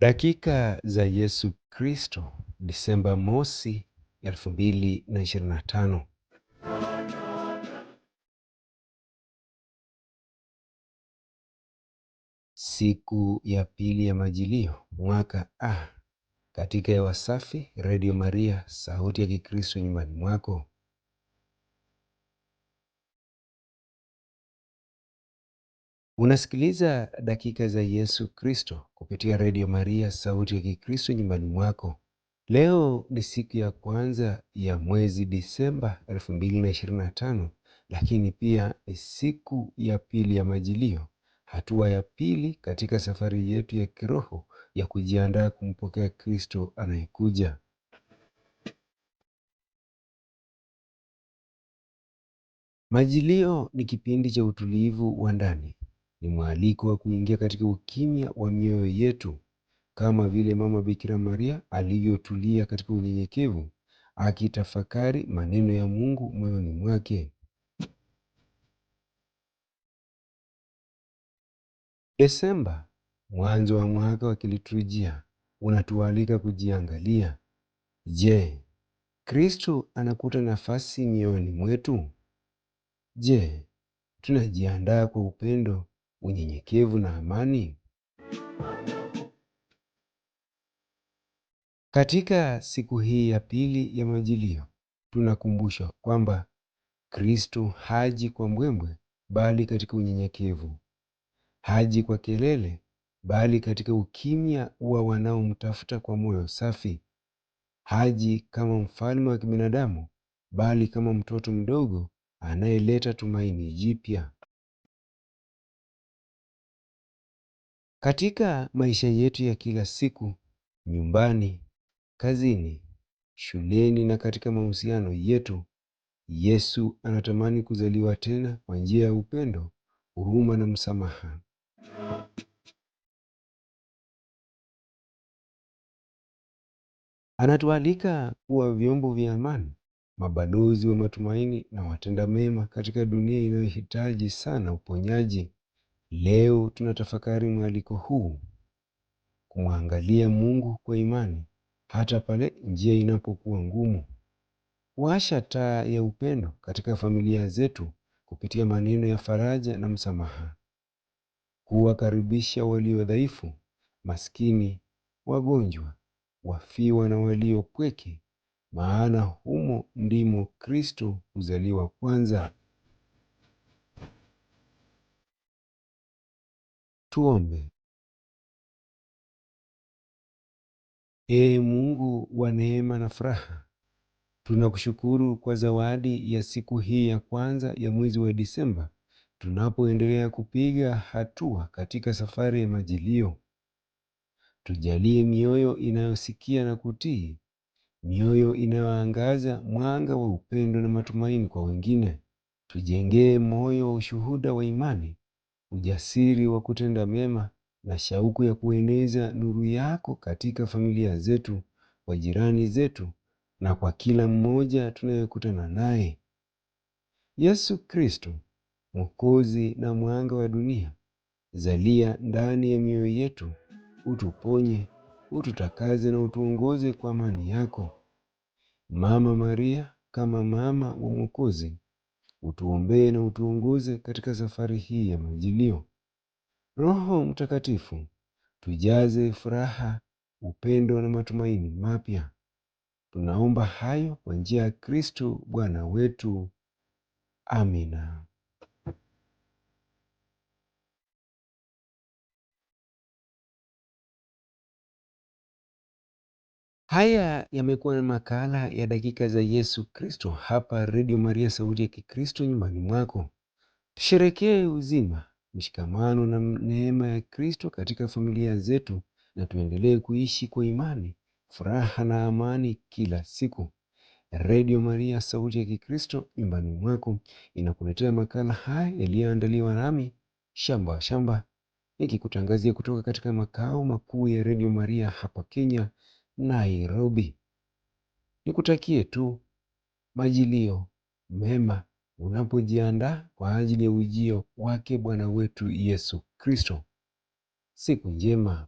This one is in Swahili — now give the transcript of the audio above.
Dakika za Yesu Kristo, Disemba mosi 2025. Siku ya pili ya Majilio, mwaka A, katika hewa safi, Radio Maria, sauti ya Kikristo nyumbani mwako. Unasikiliza dakika za Yesu Kristo kupitia Redio Maria, sauti ya Kikristo nyumbani mwako. Leo ni siku ya kwanza ya mwezi Disemba 2025, lakini pia ni siku ya pili ya Majilio, hatua ya pili katika safari yetu ya kiroho ya kujiandaa kumpokea Kristo anayekuja. Majilio ni kipindi cha utulivu wa ndani ni mwaliko wa kuingia katika ukimya wa mioyo yetu, kama vile Mama Bikira Maria alivyotulia katika unyenyekevu akitafakari maneno ya Mungu moyoni mwake. Desemba, mwanzo wa mwaka wa kiliturujia, unatualika kujiangalia. Je, Kristo anakuta nafasi mioyoni mwetu? Je, tunajiandaa kwa upendo unyenyekevu na amani? Katika siku hii ya pili ya Majilio tunakumbushwa kwamba Kristo haji kwa mbwembwe, bali katika unyenyekevu; haji kwa kelele, bali katika ukimya wa wanaomtafuta kwa moyo safi; haji kama mfalme wa kibinadamu, bali kama mtoto mdogo anayeleta tumaini jipya. Katika maisha yetu ya kila siku, nyumbani, kazini, shuleni na katika mahusiano yetu, Yesu anatamani kuzaliwa tena kwa njia ya upendo, huruma na msamaha. Anatualika kuwa vyombo vya amani, mabalozi wa matumaini na watenda mema katika dunia inayohitaji sana uponyaji Leo tunatafakari mwaliko huu, kumwangalia Mungu kwa imani hata pale njia inapokuwa ngumu, Washa taa ya upendo katika familia zetu kupitia maneno ya faraja na msamaha, kuwakaribisha walio dhaifu, maskini, wagonjwa, wafiwa na walio pweke, maana humo ndimo Kristo huzaliwa kwanza. tuombe. Ee Mungu wa neema na furaha, tunakushukuru kwa zawadi ya siku hii ya kwanza ya mwezi wa Disemba, tunapoendelea kupiga hatua katika safari ya majilio. Tujalie mioyo inayosikia na kutii, mioyo inayoangaza mwanga wa upendo na matumaini kwa wengine. Tujengee moyo wa ushuhuda wa imani ujasiri wa kutenda mema na shauku ya kueneza nuru yako katika familia zetu, kwa jirani zetu na kwa kila mmoja tunayekutana naye. Yesu Kristo, Mwokozi na mwanga wa dunia, zalia ndani ya mioyo yetu, utuponye, ututakaze na utuongoze kwa amani yako. Mama Maria, kama mama wa Mwokozi, utuombee na utuongoze katika safari hii ya majilio. Roho Mtakatifu, tujaze furaha, upendo na matumaini mapya. Tunaomba hayo kwa njia ya Kristo Bwana wetu. Amina. Haya yamekuwa makala ya dakika za Yesu Kristo hapa Radio Maria, sauti ya Kikristo nyumbani mwako. Tusherekee uzima, mshikamano na neema ya Kristo katika familia zetu, na tuendelee kuishi kwa imani, furaha na amani kila siku. Radio Maria, sauti ya Kikristo nyumbani mwako inakuletea makala haya yaliyoandaliwa nami Shamba Shamba, nikikutangazia kutoka katika makao makuu ya Radio Maria hapa Kenya Nairobi. Nikutakie tu majilio mema unapojiandaa kwa ajili ya ujio wake Bwana wetu Yesu Kristo. Siku njema.